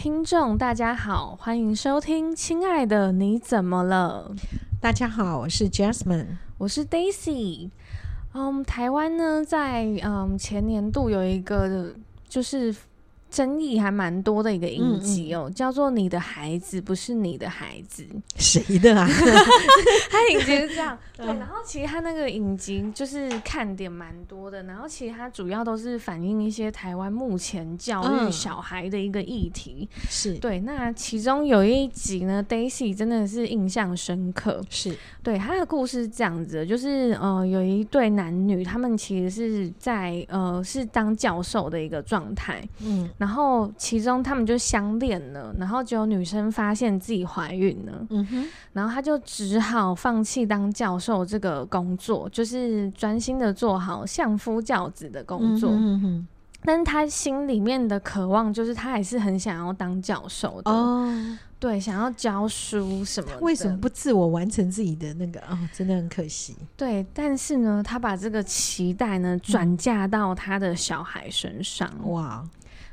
聽眾大家好，歡迎收聽《親愛的你怎麼了》。大家好，我是 Jasmine，我是 Daisy。嗯，台灣呢，在嗯前年度有一個就是。爭議還蠻多的一個影集哦，嗯嗯、叫做《你的孩子不是你的孩子》，誰的啊？ 他影集是這樣，嗯、對。然後其實他那個影集就是看點蠻多的，然後其實他主要都是反映一些台灣目前教育小孩的一個議題。嗯、是對。那其中有一集呢，Daisy 真的是印象深刻。是。對，他的故事是這樣子的，就是呃，有一對男女，他們其實是在呃是當教授的一個狀態，嗯。然後，其中他們就相戀了。然後，只有女生發現自己懷孕了。嗯哼。然後，她就只好放棄當教授這個工作，就是專心的做好相夫教子的工作。嗯哼，哼。但是，他心裡面的渴望就是，他還是很想要當教授的。哦。對，想要教書什麼？為什麼不自我完成自己的那個？哦，真的很可惜。對，但是呢，他把這個期待呢，轉嫁到他的小孩身上。嗯、哇。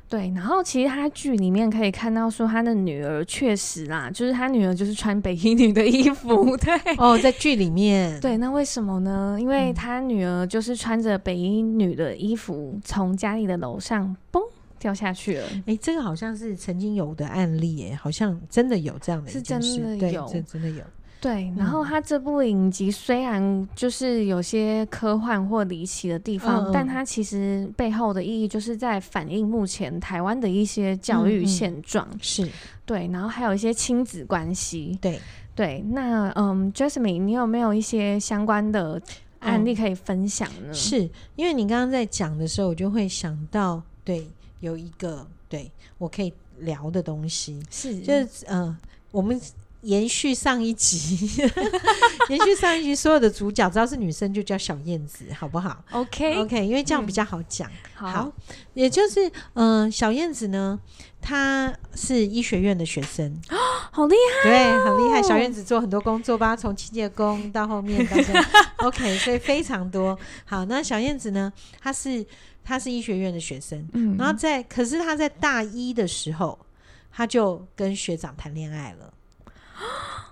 對，然後其實他劇裡面可以看到，說他的女兒確實啦，就是他女兒就是穿北一女的衣服，對哦，在劇裡面，對，那為什麼呢？因為他女兒就是穿着北一女的衣服，從家裡的樓上嘣掉下去了。哎，這個好像是曾經有的案例，哎，好像真的有這樣的一件事，對，真的有。對，然後他這部影集雖然就是有些科幻或離奇的地方，嗯、但它其實背後的意義就是在反映目前台灣的一些教育現狀，嗯嗯、是對，然後還有一些親子關係，對對。那嗯，Jasmine，你有沒有一些相關的案例可以分享呢？嗯、是因為你剛剛在講的時候，我就會想到，對，有一個對我可以聊的東西，是就是嗯、呃，我們。嗯延續上一集， 延續上一集 所有的主角，只要是女生就叫小燕子，好不好？OK OK，因為這樣比較好講。嗯、好，好，也就是，嗯、呃，小燕子呢，她是醫學院的學生，哦，好厲害、哦，對，很厲害。小燕子做很多工作吧，從清潔工到後面到 OK，所以非常多。好，那小燕子呢，她是她是醫學院的學生，嗯，然後在可是她在大一的時候，她就跟學長談戀愛了。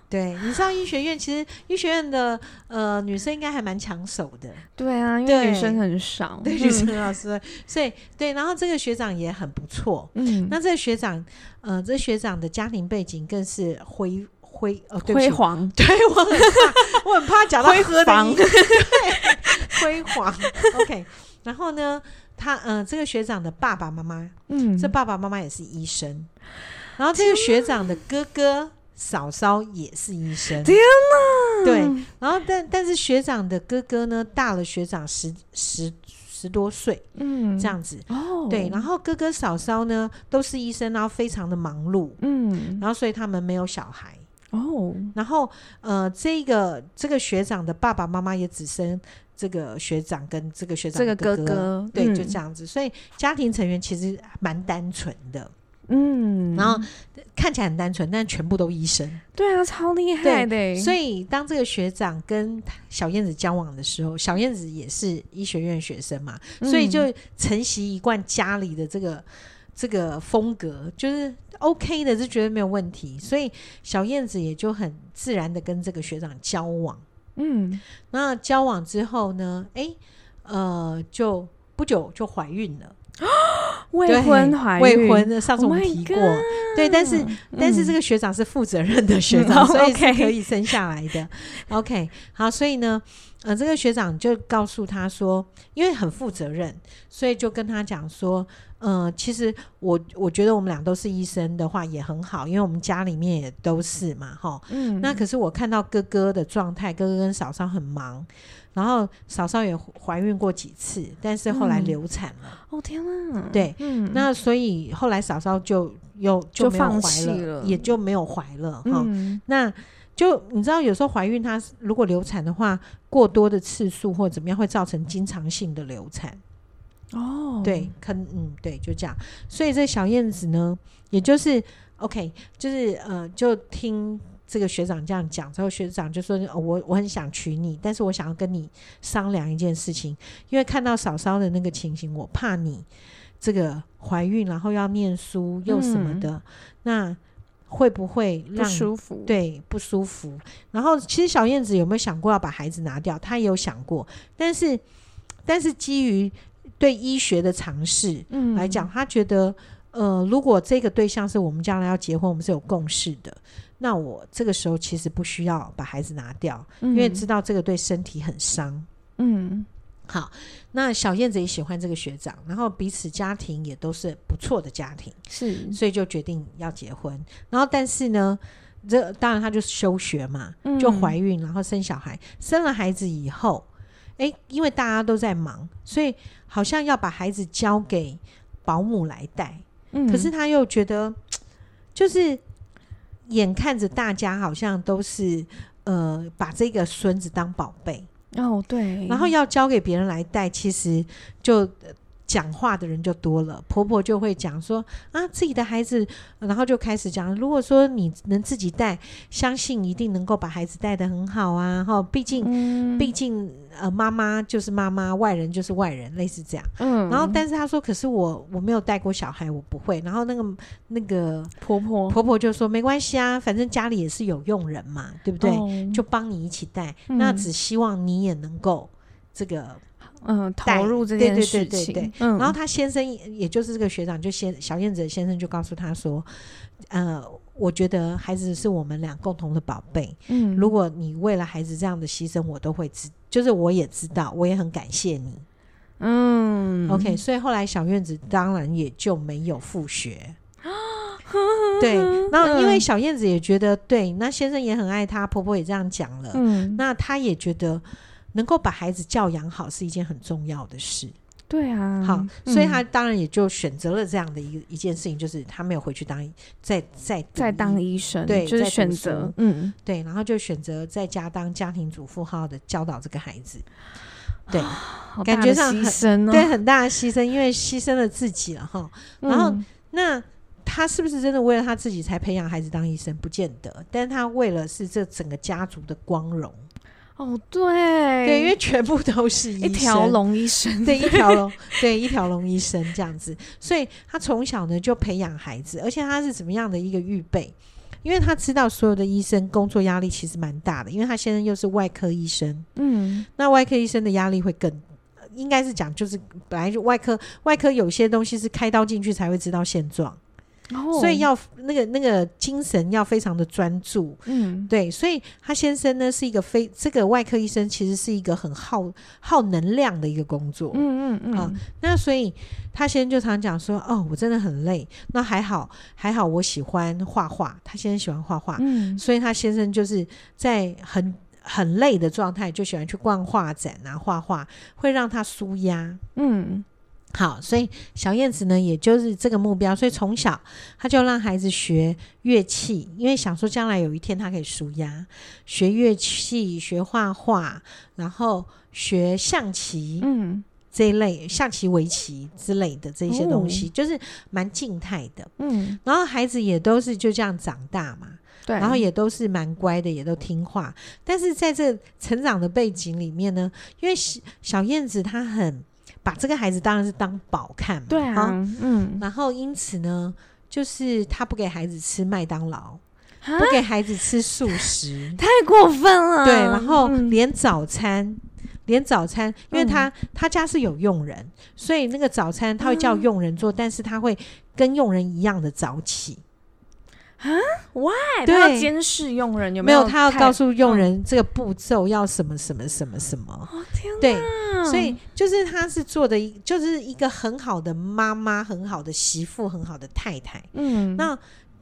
對，你上醫學院，其實醫學院的呃女生應該還蠻搶手的。對啊，因為女生很少，對女生老師，所以對。然後這個學長也很不錯，嗯。那這個學長，呃，這學長的家庭背景更是輝輝呃輝煌。對，我很怕，我很怕講到輝煌。對，輝煌。OK。然後呢，他呃，這個學長的爸爸媽媽，嗯，這爸爸媽媽也是醫生。然後這個學長的哥哥。嫂嫂也是醫生，天哪！對，然後但但是學長的哥哥呢，大了學長十十十多歲，嗯、這樣子哦。對，然後哥哥嫂嫂呢都是醫生，然後非常的忙碌，嗯，然後所以他們沒有小孩哦。然後呃，這個這個學長的爸爸媽媽也只生這個學長跟這個學長的哥哥，這個哥哥對，嗯、就這樣子。所以家庭成員其實蠻單純的。嗯，然後看起來很單純，但全部都醫生，對啊，超厲害的。對。所以當這個學長跟小燕子交往的時候，小燕子也是醫學院學生嘛，所以就承襲一貫家裡的這個、嗯、這個風格，就是 OK 的，就覺得沒有問題。所以小燕子也就很自然的跟這個學長交往。嗯，那交往之後呢？哎、欸，呃，就不久就懷孕了。 未婚懷孕，未婚的，上次我們提過，oh、對，但是但是這個學長是負責任的學長，嗯、所以是可以生下來的。 OK，好，所以呢。呃，這個學長就告訴他說，因為很負責任，所以就跟他講說，嗯、呃，其實我我覺得我們倆都是醫生的話也很好，因為我們家裡面也都是嘛，哈，嗯。那可是我看到哥哥的狀態，哥哥跟嫂嫂很忙，然後嫂嫂也懷孕過幾次，但是後來流產了。哦，天哪！對，嗯、那所以後來嫂嫂就又就，有就放懷了，也就沒有懷了，哈。嗯、那。就你知道，有時候懷孕，她如果流產的話，過多的次數或者怎麼樣，會造成經常性的流產。哦，對，可嗯，對，就這樣。所以這小燕子呢，也就是 OK，就是呃，就聽這個學長這樣講之後，學長就說：“哦、我我很想娶你，但是我想要跟你商量一件事情，因為看到嫂嫂的那個情形，我怕你這個懷孕，然後要念書又什麼的。嗯”那會不會讓不舒服？對，不舒服。然後，其實小燕子有沒有想過要把孩子拿掉？她也有想過，但是，但是基於對醫學的嘗試，嗯，來講，她覺得，呃，如果這個對象是我們將來要結婚，我們是有共識的，那我這個時候其實不需要把孩子拿掉，嗯，因為知道這個對身體很傷，嗯。好，那小燕子也喜歡這個學長，然後彼此家庭也都是不錯的家庭，是，所以就決定要結婚。然後，但是呢，這當然他就休學嘛，就懷孕，然後生小孩，嗯、生了孩子以後，哎、欸，因為大家都在忙，所以好像要把孩子交給保姆來帶。嗯、可是他又覺得，就是眼看着大家好像都是呃把這個孫子當寶貝。哦，oh, 對，然後要交給別人來帶，其實就。講話的人就多了，婆婆就會講說啊，自己的孩子，然後就開始講，如果說你能自己帶，相信一定能夠把孩子帶得很好啊，哈，畢竟，嗯、畢竟呃，媽媽就是媽媽，外人就是外人，類似這樣。嗯，然後但是她說，可是我我沒有帶過小孩，我不會。然後那個那個婆婆婆婆就說，沒關係啊，反正家裡也是有傭人嘛，對不對？哦、就幫你一起帶，嗯、那只希望你也能夠。這個對對對對對對，嗯，投入這件事情，對對對對，嗯。然後他先生，也就是這個學長，就先小燕子的先生就告訴他說：“呃，我覺得孩子是我們倆共同的寶貝，嗯。如果你為了孩子這樣的犧牲，我都會知，就是我也知道，我也很感謝你，嗯。OK，所以後來小燕子當然也就沒有復學啊。呵呵呵對，然後因為小燕子也覺得、嗯、對，那先生也很愛她，婆婆也這樣講了，嗯。那她也覺得。能夠把孩子教養好是一件很重要的事，對啊，好，所以他當然也就選擇了這樣的一個、嗯、一件事情，就是他沒有回去當在在在當醫生，對，就是選擇，嗯，對，然後就選擇在家當家庭主婦，好的教導這個孩子，對，感覺上對很大的犧牲，因為犧牲了自己了哈。然後、嗯、那他是不是真的為了他自己才培養孩子當醫生？不見得，但是他為了是這整個家族的光榮。哦，oh, 對，對，因為全部都是醫生，一條龍醫生，對，一條龍， 對，一條龍醫生這樣子，所以他從小呢就培養孩子，而且他是怎麼樣的一個預備？因為他知道所有的醫生工作壓力其實蠻大的，因為他現在又是外科醫生，嗯，那外科醫生的壓力會更，應該是講就是本來就外科，外科有些東西是開刀進去才會知道現狀。Oh, 所以要那個那個精神要非常的專注，嗯，對，所以他先生呢是一個非這個外科醫生，其實是一個很耗耗能量的一個工作，嗯嗯嗯、呃。那所以他先生就常講說，哦，我真的很累。那還好還好，我喜歡畫畫，他先生喜歡畫畫，嗯，所以他先生就是在很很累的狀態，就喜歡去逛畫展啊，畫畫會讓他舒壓，嗯。好，所以小燕子呢，也就是這個目標，所以從小他就讓孩子學樂器，因為想說將來有一天他可以紓壓，學樂器，學畫畫，然後學象棋，嗯，這一類象棋、圍棋之類的這些東西，嗯，就是蠻靜態的，嗯，然後孩子也都是就這樣長大嘛，對，然後也都是蠻乖的，也都聽話，但是在這成長的背景裡面呢，因為小燕子她很。把這個孩子當然是當寶看嘛，對啊，嗯，然後因此呢，就是他不給孩子吃麥當勞，蛤？不給孩子吃素食，太過分了。對，然後連早餐，嗯、連早餐，因為他、嗯、他家是有傭人，所以那個早餐他會叫傭人做，嗯、但是他會跟傭人一樣的早起。啊，Why？對他要監視傭人有沒有？沒有，他要告訴傭人這個步驟要什麼什麼什麼什麼。哦，天哪。對，所以就是他是做的，就是一個很好的媽媽，很好的媳婦，很好的太太。嗯，那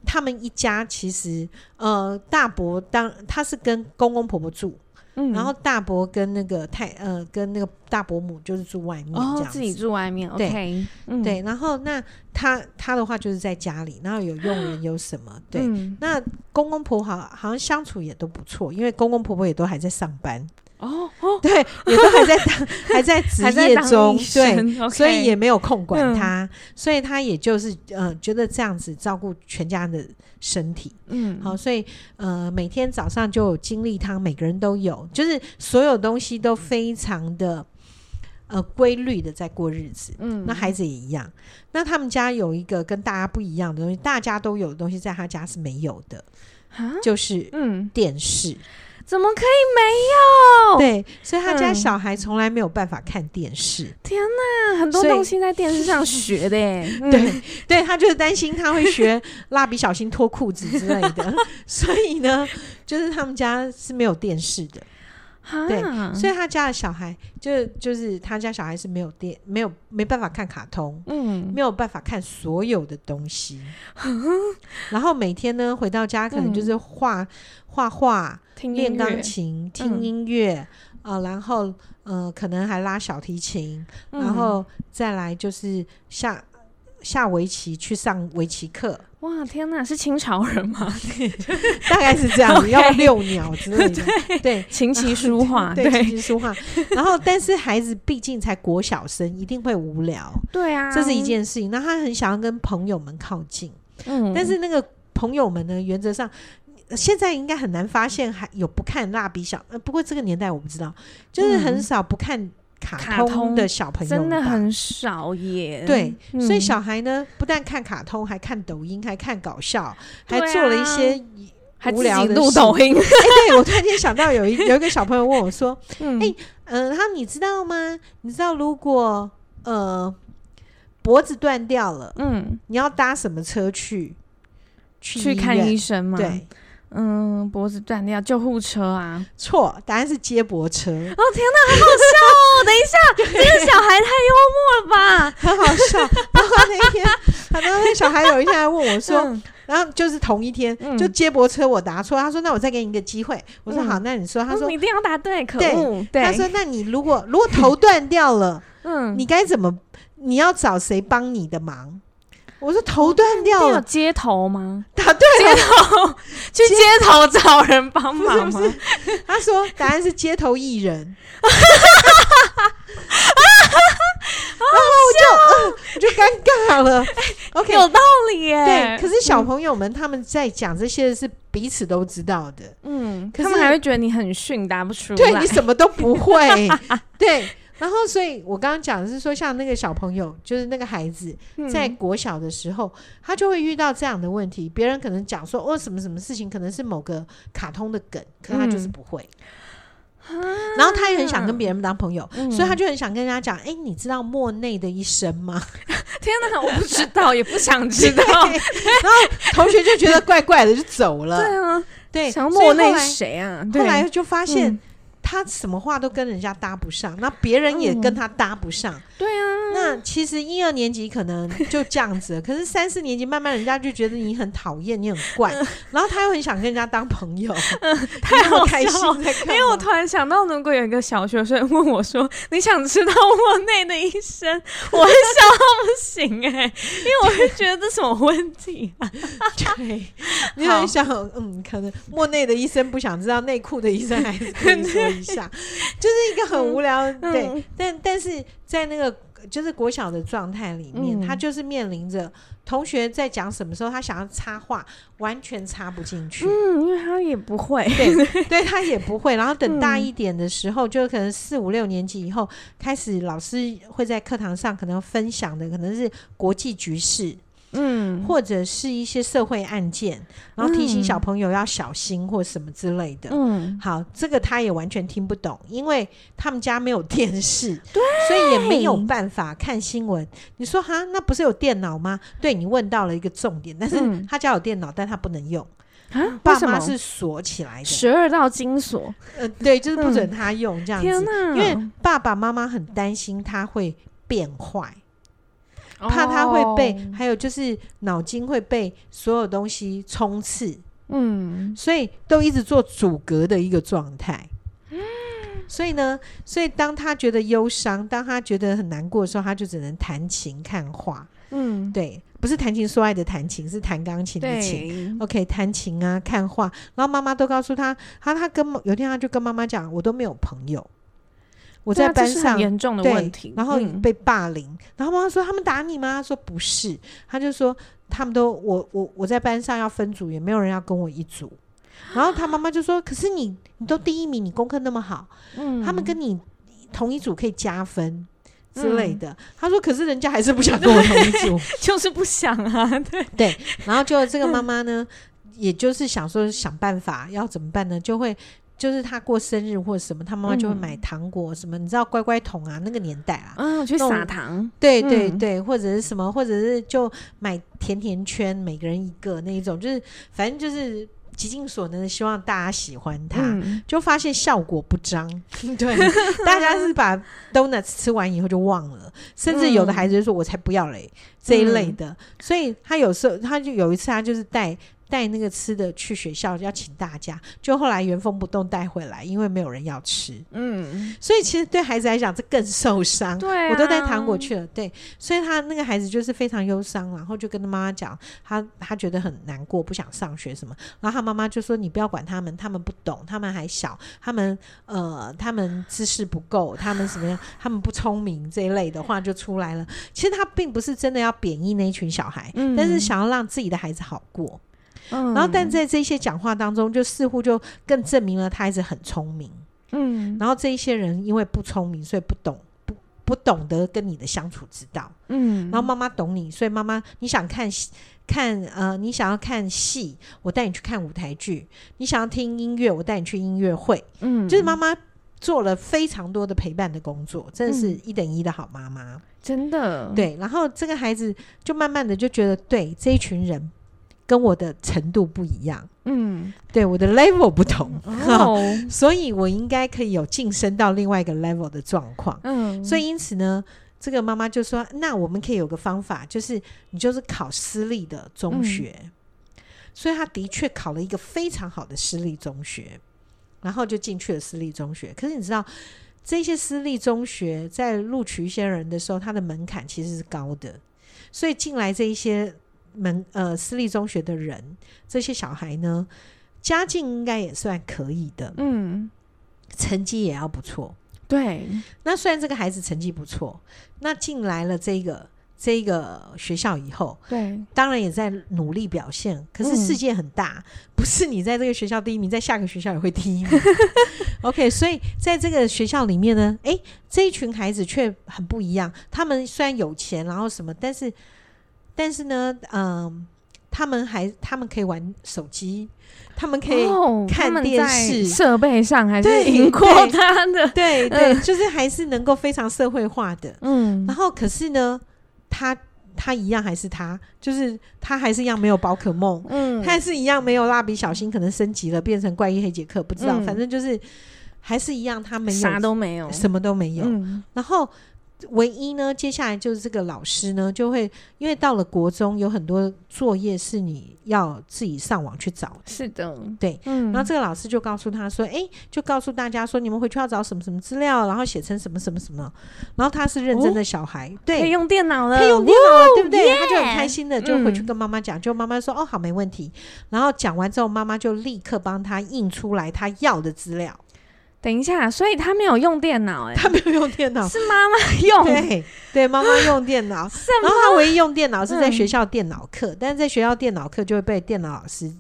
他們一家其實，呃，大伯當他是跟公公婆婆住。然後大伯跟那個太呃，跟那個大伯母就是住外面，這樣子。哦。自己住外面，OK 對、嗯、對。然後那他他的話就是在家裡，然後有傭人有什麼，對。嗯、那公公婆婆好，好像相處也都不錯，因為公公婆婆也都還在上班。對，也都還在當， 還在職業中，對，Okay 所以也沒有空管他，嗯、所以他也就是呃，覺得這樣子照顧全家的身體，嗯，好，所以呃，每天早上就有精力湯，每個人都有，就是所有東西都非常的，嗯、呃規律的在過日子，嗯，那孩子也一樣，那他們家有一個跟大家不一樣的東西，大家都有的東西，在他家是沒有的，哈就是嗯，電視。嗯怎麼可以沒有？對，所以他家小孩從來沒有辦法看電視、嗯。天哪，很多東西在電視上學的耶、嗯對。對，對，他就是擔心他會學蠟筆小新脫褲子之類的。 所以呢，就是他們家是沒有電視的。哈對，所以他家的小孩，就就是他家小孩是沒有電，沒有沒辦法看卡通，嗯，沒有辦法看所有的東西，呵呵然後每天呢回到家，可能就是畫畫畫，練鋼、嗯、畫琴，聽音樂啊、嗯呃，然後嗯、呃，可能還拉小提琴，嗯、然後再來就是下。下圍棋去上圍棋課，哇天哪，是清朝人嗎？ 大概是這樣，Okay 要遛鳥之類的，對，琴棋書畫，對，琴棋書畫。然後，但是孩子畢竟才國小生，一定會無聊，對啊，這是一件事情。那他很想要跟朋友們靠近，嗯，但是那個朋友們呢，原則上現在應該很難發現還有不看蠟筆小，不過這個年代我不知道，就是很少不看、嗯。卡通，卡通的小朋友真的很少耶，對，嗯、所以小孩呢，不但看卡通，還看抖音，還看搞笑，還做了一些無聊的還錄抖音。 欸、對，我突然間想到有一 有一個小朋友問我說：“嗯、欸呃，他你知道嗎？你知道如果呃脖子斷掉了，嗯，你要搭什麼車去去，醫院去看醫生嗎？”對。嗯，脖子斷掉，救護車啊？錯，答案是接駁車。哦天吶，很好笑哦！等一下，這個小孩太幽默了吧，很好笑。包括那一天，然後那個小孩有一天還問我說，然後就是同一天，就接駁車我答錯，他說那我再給你一個機會，我說好，那你說，他說你一定要答對，可惡，他說那你如果如果頭斷掉了，嗯，你該怎麼？你要找誰幫你的忙？我說頭斷掉了，哦、有街頭嗎？打、啊、對、啊、街頭去街頭找人幫忙嗎不是不是？他說答案是街頭藝人，然後我就我、 呃、就尷尬了。OK，有道理耶。對，可是小朋友們、嗯、他們在講這些是彼此都知道的，嗯，可是他們還會覺得你很遜，答不出來，對你什麼都不會， 對。然後，所以我剛剛講的是說，像那個小朋友，就是那個孩子，在國小的時候，他就會遇到這樣的問題。別人可能講說哦，什麼什麼事情，可能是某個卡通的梗，可他就是不會。然後他也很想跟別人當朋友，所以他就很想跟人家講，哎，你知道莫內的一生嗎？天哪，我不知道，也不想知道。然後同學就覺得怪怪的，就走了。對啊，對。莫內誰啊？後來就發現。他什麼話都跟人家搭不上，那別人也跟他搭不上。嗯，對啊。那其實一二年級可能就這樣子，可是三四年級慢慢人家就覺得你很討厭，你很怪，然後他又很想跟人家當朋友，他又好開心。因為我突然想到，如果有一個小學生問我說：“你想知道莫內的醫生？”我會笑到不行哎，因為我會覺得這什麼問題啊？對，你很想嗯，可能莫內的醫生不想知道內褲的醫生，還是可以說一下，就是一個很無聊。對，但但是在那個。就是國小的狀態裡面，嗯、他就是面臨着同學在講什麼時候，他想要插話，完全插不進去。嗯，因為他也不會，對， 對他也不會。然後等大一點的時候，嗯、就可能四五六年級以後，開始老師會在課堂上可能分享的，可能是國際局勢。嗯，或者是一些社會案件，然後提醒小朋友要小心或什麼之類的。嗯，嗯好，這個他也完全聽不懂，因為他們家沒有電視，對，所以也沒有辦法看新聞。你說哈，那不是有電腦嗎？對，你問到了一個重點，但是他家有電腦，嗯、但他不能用。爸媽是鎖起來的。十二道金鎖， 呃，對，就是不准他用、嗯、這樣子，天哪。因為爸爸媽媽很擔心他會變壞。怕他會被，oh. 還有就是腦筋會被所有東西充斥，嗯，所以都一直做阻隔的一個狀態，嗯，所以呢，所以當他覺得憂傷，當他覺得很難過的時候，他就只能彈琴看畫，嗯，對，不是談情說愛的彈琴，是彈鋼琴的琴對，OK，彈琴啊，看畫，然後媽媽都告訴他，他他跟有天他就跟媽媽講，我都沒有朋友。我在班上嚴、啊、重的問題，然後被霸凌。嗯、然後媽媽說：“他們打你嗎？”他說：“不是。”他就說：“他們都我我我在班上要分組，也沒有人要跟我一組。”然後他媽媽就說：“可是你你都第一名，你功課那麼好，嗯，他們跟你同一組可以加分之類的。嗯”他說：“可是人家還是不想跟我同一組，就是不想啊。對”對對，然後就這個媽媽呢，嗯、也就是想說想辦法要怎麼辦呢，就會。就是他過生日或者什麼，他媽媽就會買糖果什麼，你知道乖乖桶啊，那個年代啊，嗯，就撒都糖，對對對，嗯、或者是什麼，或者是就買甜甜圈，每個人一個那一種，就是反正就是極盡所能的希望大家喜歡他，嗯、就發現效果不彰。對， 大家是把 donuts 吃完以後就忘了，甚至有的孩子就說：“我才不要嘞、欸。嗯”這一類的，所以他有時候他就有一次，他就是帶。帶那個吃的去學校，要請大家，就後來原封不動帶回來，因為沒有人要吃。嗯，所以其實對孩子來講，這更受傷。對啊，我都帶糖果去了。對，所以他那個孩子就是非常憂傷，然後就跟他媽媽講，他他覺得很難過，不想上學什麼。然後他媽媽就說：“你不要管他們，他們不懂，他們還小，他們呃，他們知識不夠，他們什麼樣， 他們不聰明這一類的話就出來了。其實他並不是真的要貶義那一群小孩，嗯，但是想要讓自己的孩子好過。”然後，但在這些講話當中，就似乎就更證明了他一直很聰明。嗯，然後這一些人因為不聰明，所以不懂不不懂得跟你的相處之道。嗯，然後媽媽懂你，所以媽媽，你想看看呃，你想要看戲，我帶你去看舞台劇；你想要聽音樂，我帶你去音樂會。嗯，就是媽媽做了非常多的陪伴的工作，真的是一等一的好媽媽，嗯、真的。對，然後這個孩子就慢慢的就覺得，對這一群人。跟我的程度不一樣，嗯，對，我的 level 不同，嗯哦、呵呵，所以我應該可以有晉升到另外一個 level 的狀況，嗯，所以因此呢，這個媽媽就說，那我們可以有個方法，就是你就是考私立的中學，嗯、所以他的確考了一個非常好的私立中學，然後就進去了私立中學。可是你知道，這些私立中學在錄取一些人的時候，它的門檻其實是高的，所以進來這一些。門呃，私立中學的人，這些小孩呢，家境應該也算可以的，嗯，成績也要不錯，對。那雖然這個孩子成績不錯，那進來了這個這個學校以後，對，當然也在努力表現。可是世界很大，嗯、不是你在這個學校第一名，在下個學校也會第一名。 OK，所以在這個學校裡面呢，哎，這一群孩子卻很不一樣。他們雖然有錢，然後什麼，但是。但是呢，嗯，他們還，他們可以玩手機，他們可以看電視，設備上還是贏過他的，對對，對、嗯、對，就是還是能夠非常社會化的，嗯。然後，可是呢，他他一樣還是他，就是他還是一樣沒有寶可夢，嗯，他還是一樣沒有蠟筆小新，可能升級了變成怪醫黑傑克，不知道，嗯、反正就是還是一樣，他沒有啥都沒有，什麼都沒有。嗯、然後。唯一呢，接下來就是這個老師呢，就會因為到了國中，有很多作業是你要自己上網去找。是的，對，嗯、然後這個老師就告訴他說：“誒、欸，就告訴大家說，你們回去要找什麼什麼資料，然後寫成什麼什麼什麼。”然後他是認真的小孩，哦、對，可以用電腦了，可以用電腦了，Woo! 對不對？Yeah! 他就很開心的就回去跟媽媽講，就媽媽說：“嗯、哦，好，沒問題。”然後講完之後，媽媽就立刻幫他印出來他要的資料。等一下，所以他沒有用電腦、欸，哎，他沒有用電腦，是媽媽用。對對，媽媽用電腦，什麼？然後他唯一用電腦是在學校電腦課，嗯、但是在學校電腦課就會被電腦老師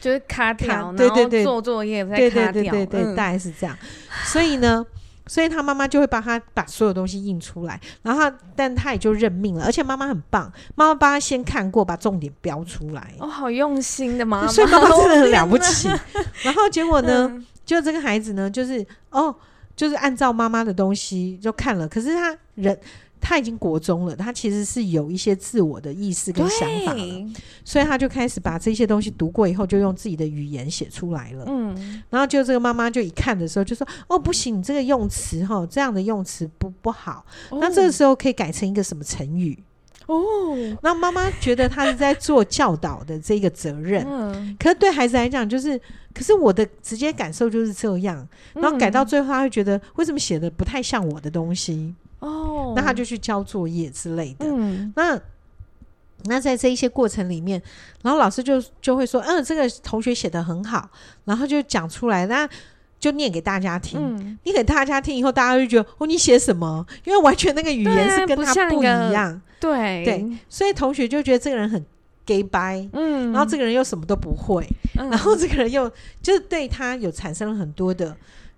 就是卡掉，卡，對對對，然後做作業在卡掉，對對對對，大概是這樣。 所以呢。所以他媽媽就會幫他把所有東西印出來，然後他，但他也就認命了。而且媽媽很棒，媽媽幫他先看過，把重點標出來。哦，好用心的媽媽， 所以媽媽真的很了不起。後面然後結果呢， 就這個孩子呢，就是哦，就是按照媽媽的東西就看了，可是他人。他已經國中了，他其實是有一些自我的意識跟想法了對所以他就開始把這些東西讀過以後，就用自己的語言寫出來了。嗯，然後就這個媽媽就一看的時候，就說：“哦，不行，你這個用詞哈，這樣的用詞不不好。哦”那這個時候可以改成一個什麼成語？哦，那媽媽覺得他是在做教導的這個責任，嗯、可是對孩子來講，就是，可是我的直接感受就是這樣。然後改到最後，他會覺得為什麼寫的不太像我的東西？哦，oh, 那他就去交作業之類的。嗯，那那在這一些過程裡面，然後老師就就會說，嗯，這個同學寫的很好，然後就講出來，那就念給大家聽，嗯、你給大家聽以後，大家就覺得，哦，你寫什麼？因為完全那個語言是跟他不一樣，對、啊、對,對，所以同學就覺得這個人很 gay 掰嗯，然後這個人又什麼都不會，嗯、然後這個人又就是對他有產生了很多的。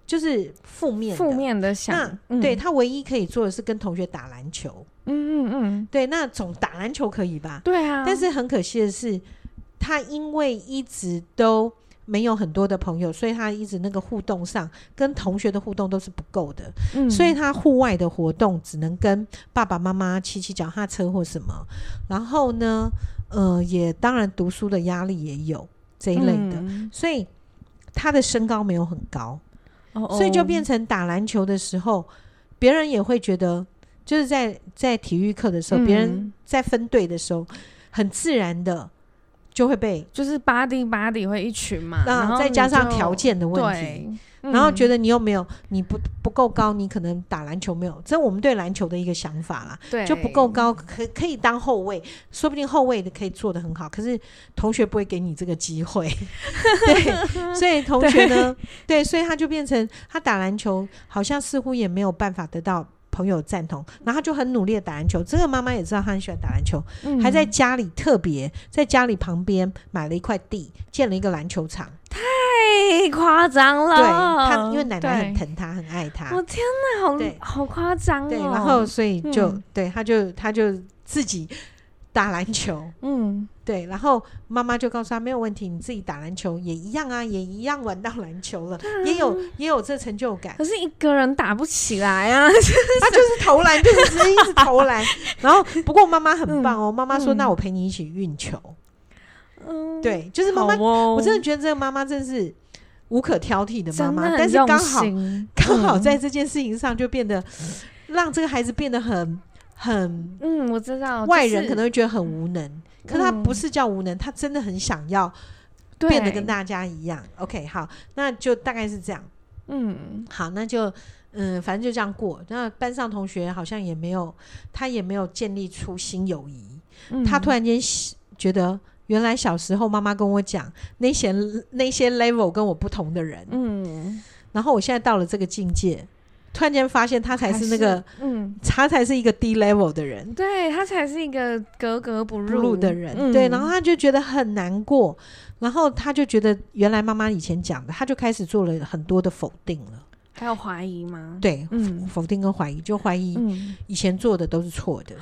就是負面負面的想，那，嗯，對他唯一可以做的是跟同學打籃球。嗯嗯嗯，對，那總打籃球可以吧？對啊。但是很可惜的是，他因為一直都沒有很多的朋友，所以他一直那個互動上跟同學的互動都是不夠的。嗯，所以他戶外的活動只能跟爸爸媽媽騎騎腳踏車或什麼。然後呢，呃，也當然讀書的壓力也有這一類的，嗯，所以他的身高沒有很高。所以就變成打籃球的時候，別人、oh. 也會覺得，就是在在體育課的時候，別人、嗯、在分隊的時候，很自然的。就會被，就是 body body 會一群嘛，然後再加上條件的問題，然後覺得你又沒有，你不不夠高，你可能打籃球沒有，這是我們對籃球的一個想法啦，對就不夠高，可以可以當後衛，說不定後衛的可以做得很好，可是同學不會給你這個機會， 對，所以同學呢，對，對，所以他就變成他打籃球好像似乎也沒有辦法得到。朋友贊同，然後他就很努力的打籃球。這個媽媽也知道他很喜歡打籃球，嗯、還在家裡特別在家裡旁邊買了一塊地，建了一個籃球場。太誇張了！對，他因為奶奶很疼他，對很愛他。我天哪，好對好誇張、喔。對，然後所以就、嗯、對，他就他就自己打籃球。嗯。對，然後媽媽就告訴他沒有問題，你自己打籃球也一樣啊，也一樣玩到籃球了，也有也有這成就感。可是一個人打不起來啊，他就是投籃，就是一直投籃。然後不過媽媽很棒哦，媽媽說，那我陪你一起運球。嗯，對，就是媽媽，我真的覺得這個媽媽真是無可挑剔的媽媽。但是剛好剛好在這件事情上就變得讓這個孩子變得很。很，嗯，我知道，外人可能會覺得很無能，嗯就是、可他不是叫無能，嗯、他真的很想要變得跟大家一樣。對 OK，好，那就大概是這樣。嗯，好，那就嗯，反正就這樣過。那班上同學好像也沒有，他也沒有建立出新友誼。嗯、他突然間覺得，原來小時候媽媽跟我講那些那些 level 跟我不同的人，嗯，然後我現在到了這個境界，突然間發現，他才是那個，嗯，他才是一個低 level 的人，對，他才是一個格格不入的人，對，然後他就覺得很難過，然後他就覺得原來媽媽以前講的，他就開始做了很多的否定了，還有懷疑嗎？對，嗯，否定跟懷疑，就懷疑以前做的都是錯的，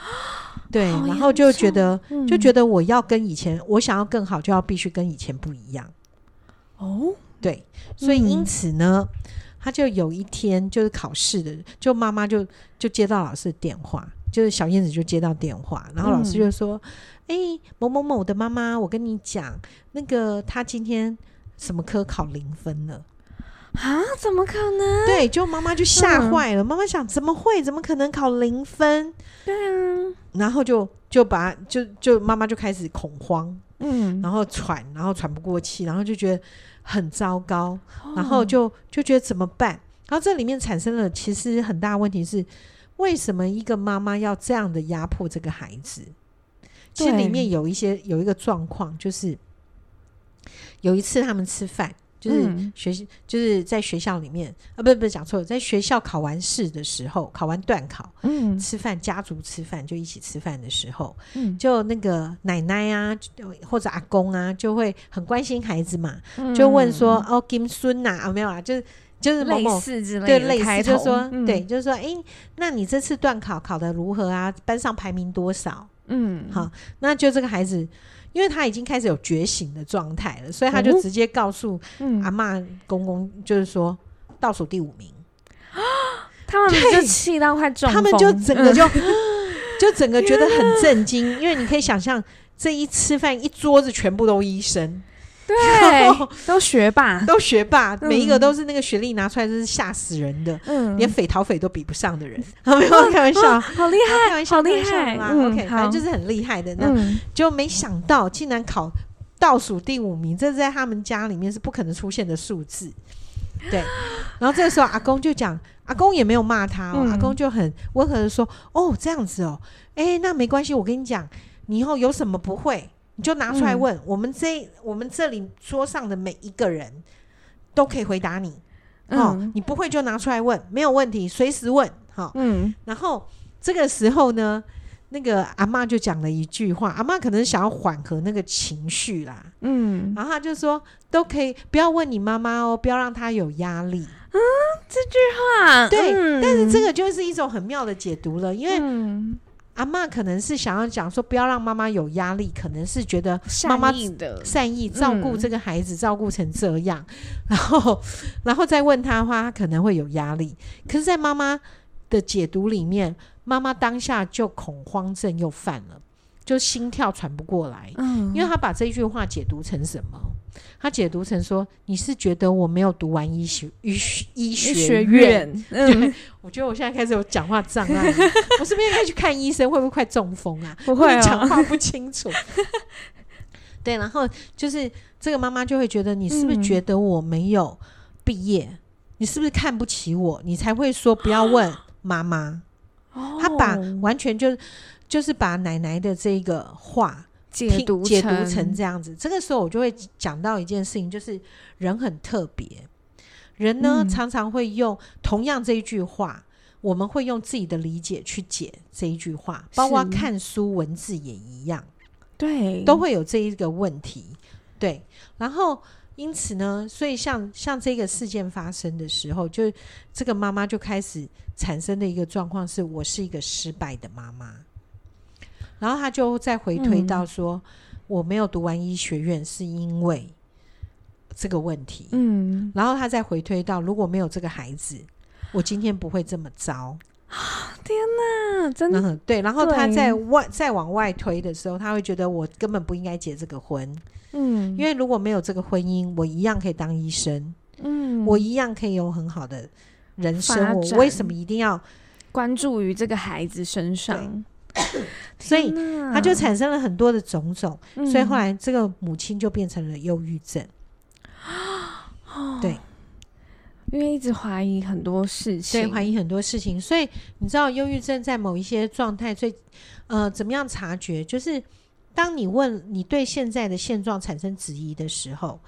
對，然後就覺得就覺得我要跟以前，我想要更好，就要必須跟以前不一樣，哦，對，所以因此呢。他就有一天就是考試的，就媽媽就就接到老師的電話，就是小燕子就接到電話，然後老師就說：“哎，嗯，欸，某某某的媽媽，我跟你講，那個他今天什麼科考零分了啊？怎麼可能？對，就媽媽就嚇壞了。媽媽想，怎麼會？怎麼可能考零分？對啊，然後就就把就就媽媽就開始恐慌。”嗯，然後喘，然後喘不過氣，然後就覺得很糟糕，然後就就覺得怎麼辦？然後這裡面產生了其實很大的問題是，為什麼一個媽媽要這樣的壓迫這個孩子？其實裡面有一些有一個狀況，就是有一次他們吃飯。就是學習，嗯、就是在學校裡面啊，不是不是，不不不，講錯了，在學校考完試的時候，考完段考，嗯，吃飯，家族吃飯就一起吃飯的時候，嗯，就那個奶奶啊，或者阿公啊，就會很關心孩子嘛，就問說、嗯、哦，金孫吶、啊，啊沒有啊，就是就是某某類似之類的對，頭類似就說、嗯、對，就是說哎、欸，那你這次段考考得如何啊？班上排名多少？嗯，好，那就這個孩子。因為他已經開始有覺醒的狀態了，所以他就直接告訴阿嬤公公，就是說、嗯嗯、倒數第五名。他們就氣到快中風，他們就整個就、嗯、就整個覺得很震驚，啊、因為你可以想象，這一吃飯一桌子全部都醫生。對，都學霸，都學霸，每一個都是那個學歷拿出來就是嚇死人的，連斐陶斐都比不上的人，沒有開玩笑，好厲害，好厲害，OK，反正就是很厲害的。那就沒想到竟然考倒數第五名，這是在他們家裡面是不可能出現的數字。對，然後這個時候阿公就講，阿公也沒有罵他，阿公就很溫和的說：“哦，這樣子哦，哎，那沒關係，我跟你講，你以後有什麼不會。”你就拿出來問，嗯、我們這我們這裡桌上的每一個人都可以回答你。嗯、哦，你不會就拿出來問，沒有問題，隨時問。好、哦，嗯，然後這個時候呢，那個阿嬤就講了一句話，阿嬤可能想要緩和那個情緒啦。嗯，然後她就說：“都可以，不要問你媽媽哦，不要讓她有壓力。”啊、嗯，這句話，嗯、對，但是這個就是一種很妙的解讀了，因為。嗯阿嬤可能是想要講說，不要讓媽媽有壓力，可能是覺得媽媽善意照顧這個孩子，照顧成這樣，嗯、然後然後再問他的話，他可能會有壓力。可是，在媽媽的解讀裡面，媽媽當下就恐慌症又犯了，就心跳喘不過來，嗯，因為他把這句話解讀成什麼？他解讀成說：“你是覺得我沒有讀完醫學醫醫學院？”對，我覺、嗯、我覺得我現在開始有講話障礙， 我是不是應該去看醫生？會不會快中風啊？不會啊，講話不清楚。 對，然後 就是這個媽媽就會覺得，你是不是覺得我沒有畢業？嗯、你是不是看不起我？你才會說不要問媽媽。他、哦、把完全就就是把奶奶的這一個話。解讀，解讀成這樣子，這個時候我就會講到一件事情，就是人很特別，人呢、嗯、常常會用同樣這一句話，我們會用自己的理解去解這一句話，是包括看書文字也一樣，對，都會有這一個問題，對。然後因此呢，所以像像這個事件發生的時候，就這個媽媽就開始產生的一個狀況是，我是一個失敗的媽媽。然後他就再回推到說，嗯、我沒有讀完醫學院是因為這個問題。嗯，然後他再回推到如果沒有這個孩子，我今天不會這麼糟。天哪，真的對。然後他在外再對往外推的時候，他會覺得我根本不應該結這個婚。嗯，因為如果沒有這個婚姻，我一樣可以當醫生。嗯，我一樣可以有很好的人生。展我為什麼一定要關注於這個孩子身上？ 所以，他就產生了很多的種種，嗯、所以後來這個母親就變成了憂鬱症。嗯、對，因為一直懷疑很多事情，對，懷疑很多事情。所以你知道，憂鬱症在某一些狀態，最呃，怎麼樣察覺？就是當你問你對現在的現狀產生質疑的時候，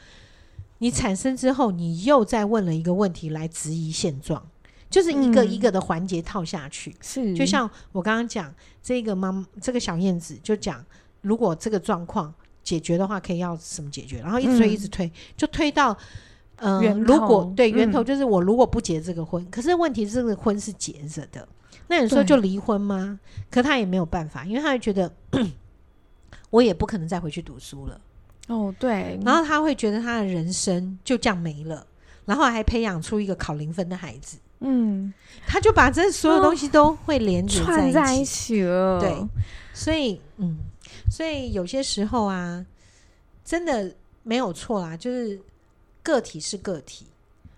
你產生之後，你又再問了一個問題來質疑現狀。就是一個一個的環節套下去，嗯、是就像我剛剛講這個媽媽，這個小燕子就講，如果這個狀況解決的話，可以要什麼解決？然後一直推一直推，嗯、就推到嗯，呃、頭如果對源頭就是我如果不結這個婚，嗯、可是問題是這個婚是結着的，那有時候就離婚嗎？對可他也沒有辦法，因為他會覺得 我也不可能再回去讀書了。哦，對，然後他會覺得他的人生就這樣沒了，嗯、然後還培養出一個考零分的孩子。嗯，他就把這所有東西都會連結在一起，哦、一起了對，所以嗯，所以有些時候啊，真的沒有錯啦、啊，就是個體是個體，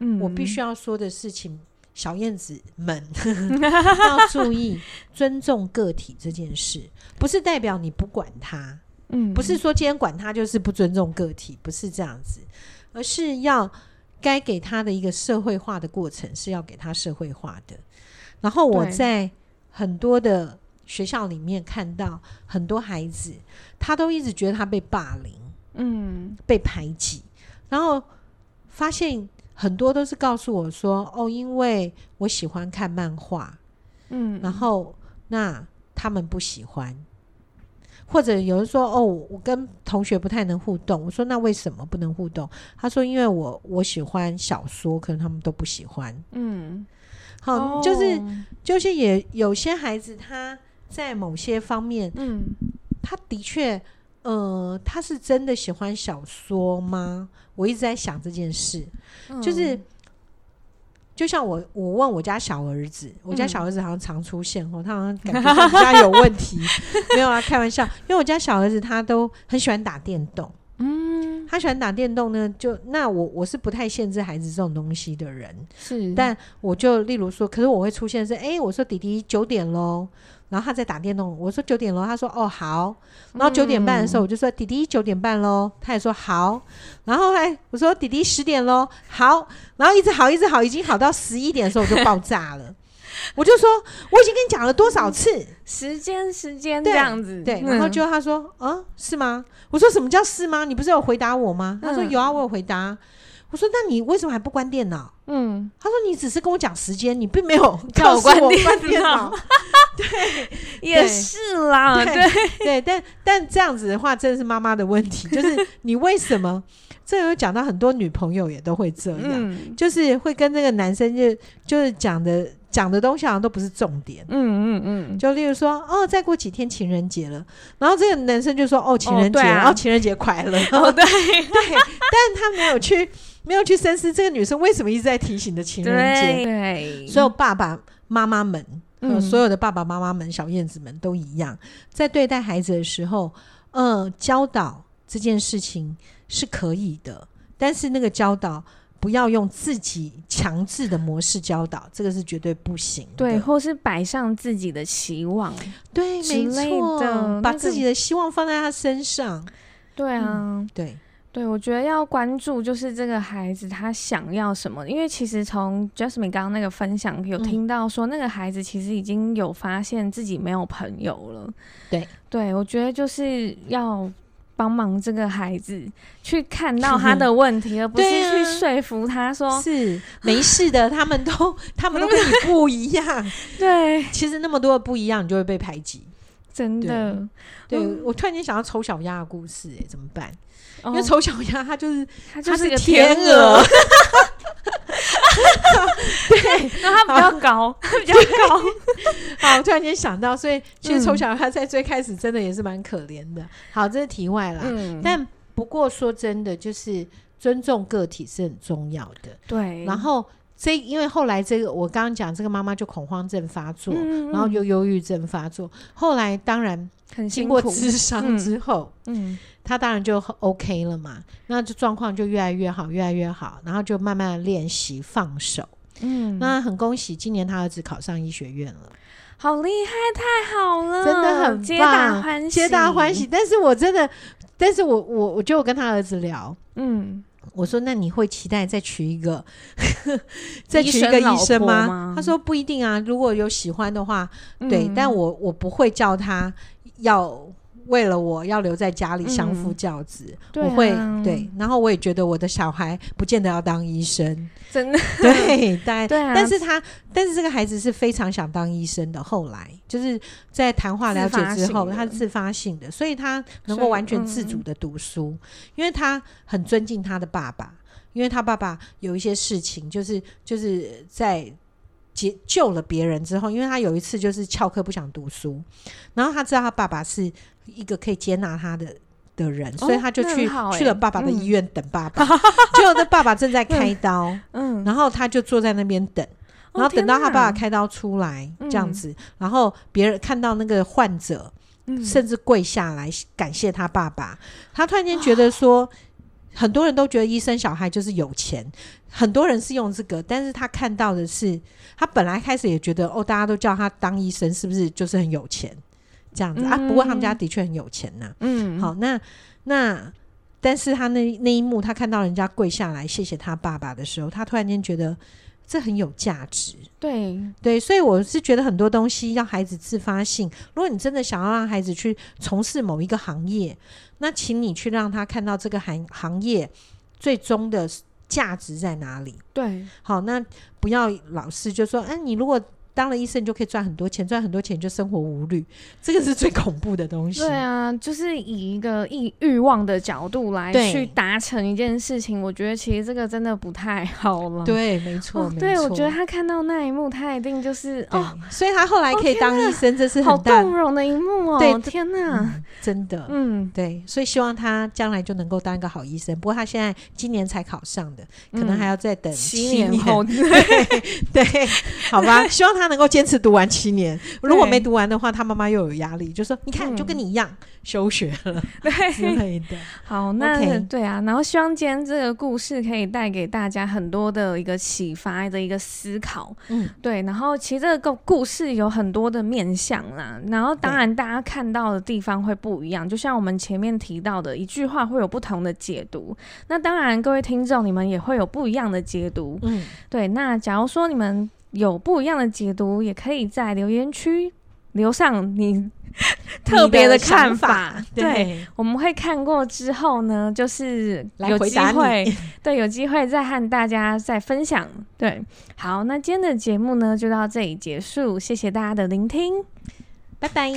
嗯，我必須要說的事情，小燕子們呵呵 要注意尊重個體這件事，不是代表你不管他，嗯，不是說今天管他就是不尊重個體，不是這樣子，而是要。該給他的一個社會化的過程是要給他社會化的。然後我在很多的學校裡面看到很多孩子，他都一直覺得他被霸凌，嗯，被排擠。然後發現很多都是告訴我說：“哦，因為我喜歡看漫畫”，嗯，然後那他們不喜歡。或者有人說，哦，我跟同學不太能互動。我說，那為什麼不能互動？他說因為我我喜歡小說，可能他們都不喜歡。嗯，好，哦、就是就是也有些孩子他在某些方面，嗯，他的確，呃，他是真的喜歡小說嗎？我一直在想這件事，嗯、就是。就像我，我問我家小兒子，我家小兒子好像常出現、嗯、他好像感覺我們家有問題， 沒有啊，開玩笑，因為我家小兒子他都很喜歡打電動，嗯，他喜歡打電動呢，就那我我是不太限制孩子這種東西的人，是，但我就例如說，可是我會出現是，哎、欸，我說弟弟九點嘍。然後他在打電動，我說九點嘍他說哦好，然後九點半的時候我就說、嗯、弟弟九點半嘍，他也說好，然後來我說弟弟十點嘍，好，然後一直好一直好，已經好到十一點的時候我就爆炸了， 我就說我已經跟你講了多少次時間時間這樣子對，對嗯、然後就他說嗯，是嗎？我說什麼叫是嗎？你不是有回答我嗎？他說、嗯、有啊，我有回答。我說：“那你為什麼還不關電腦？”嗯，他說：“你只是跟我講時間，你並沒有告訴我關電腦。”對，也是啦，對對，但但這樣子的話，真的是媽媽的問題，就是你為什麼？這有講到很多女朋友也都會這樣，就是會跟這個男生就就是講的講的東西好像都不是重點。嗯嗯嗯，就例如說，哦，再過幾天情人節了，然後這個男生就說：“哦，情人節，然後情人節快樂。”哦，對對，但他沒有去。沒有去深思這個女生為什麼一直在提醒的情人節，對，對，所有爸爸媽媽們，嗯、所有的爸爸媽媽們、小燕子們都一樣，在對待孩子的時候，呃，教導這件事情是可以的，但是那個教導不要用自己強制的模式教導，這個是絕對不行的。對，或是擺上自己的期望，對，沒錯，把自己的希望放在他身上，那個、對啊，嗯、對。對，我覺得要關注就是這個孩子他想要什麼，因為其實從 Jasmine 剛剛那個分享有聽到說，那個孩子其實已經有發現自己沒有朋友了。對，對，我覺得就是要幫忙這個孩子去看到他的問題，呵呵而不是去說服他說、啊、是 沒事的。他們都，他們都跟你不一樣。 對，其實那麼多的不一樣，你就會被排擠。真的，對，對、哦、我突然間想到醜小鴨的故事、欸，哎，怎麼辦？因為醜小鴨，它就是它就是個天鵝，對，那它比較高，它比較高。好，我突然間想到，所以其實醜小鴨在最開始真的也是蠻可憐的。好，這是題外啦。但不過說真的，就是尊重個體是很重要的。對。然後這因為後來這個，我剛剛講這個媽媽就恐慌症發作，然後又憂鬱症發作。後來當然。經過諮商之後，嗯，嗯他當然就 OK 了嘛，那這狀況就越來越好，越來越好，然後就慢慢的練習放手，嗯，那很恭喜今年他兒子考上醫學院了，好厲害，太好了，真的很棒，皆大歡喜，皆大歡喜。但是我真的，但是我我我就跟他兒子聊，嗯，我說那你會期待再娶一個， 再娶一個醫生嗎？他說不一定啊，如果有喜歡的話，嗯、對，但我我不會叫他。要為了我要留在家裡相夫教子，嗯啊、我會對，然後我也覺得我的小孩不見得要當醫生，真的對，但、啊、但是他但是這個孩子是非常想當醫生的。後來就是在談話了解之後，自他是自發性的，所以他能夠完全自主的讀書，嗯、因為他很尊敬他的爸爸，因為他爸爸有一些事情、就是，就是就是在。救了別人之後，因為他有一次就是翹課不想讀書，然後他知道他爸爸是一個可以接納他的的人，哦、所以他就去、欸、去了爸爸的醫院等爸爸。嗯、 結果他爸爸正在開刀，嗯、然後他就坐在那邊等，嗯、然後等到他爸爸開刀出來、哦、這樣子，然後別人看到那個患者，嗯、甚至跪下來感謝他爸爸，他突然間覺得說。很多人都覺得醫生小孩就是有錢，很多人是用這個，但是他看到的是，他本來開始也覺得，哦，大家都叫他當醫生，是不是就是很有錢這樣子、嗯、啊？不過他們家的確很有錢吶、啊。嗯，好，那那，但是他那那一幕，他看到人家跪下來謝謝他爸爸的時候，他突然間覺得這很有價值。對對，所以我是覺得很多東西要孩子自發性，如果你真的想要讓孩子去從事某一個行業。那，請你去讓他看到這個行行業最終的價值在哪裡。對，好，那不要老是就是說，哎、欸，你如果。當了醫生，你就可以賺很多錢，賺很多錢就生活無慮。這個是最恐怖的東西。對啊，就是以一個欲欲望的角度來去達成一件事情，我覺得其實這個真的不太好了。對，沒錯。對，我覺得他看到那一幕，他一定就是哦，所以他後來可以當醫生，這是好動容的一幕哦。對，天哪，真的。嗯，對。所以希望他將來就能夠當一個好醫生。不過他現在今年才考上的，可能還要再等七年。對，對，好吧，希望他，能夠堅持讀完七年，如果沒讀完的話，他媽媽又有壓力，就說：“你看，嗯、就跟你一樣休學了對對，的 對。”好，那 Okay 對啊。然後希望今天這個故事可以帶給大家很多的一個啟發的一,一個思考。嗯，對。然後其實這個故事有很多的面向啦，然後當然大家看到的地方會不一樣。對就像我們前面提到的一句話，會有不同的解讀。那當然，各位聽眾你們也會有不一樣的解讀。嗯，對。那假如說你們。有不一樣的解讀，也可以在留言區留上你，你的 特別的看法。對，對，我們會看過之後呢，就是來回答你 對，有機會再和大家再分享。對，好，那今天的節目呢就到這裡結束，謝謝大家的聆聽，拜拜。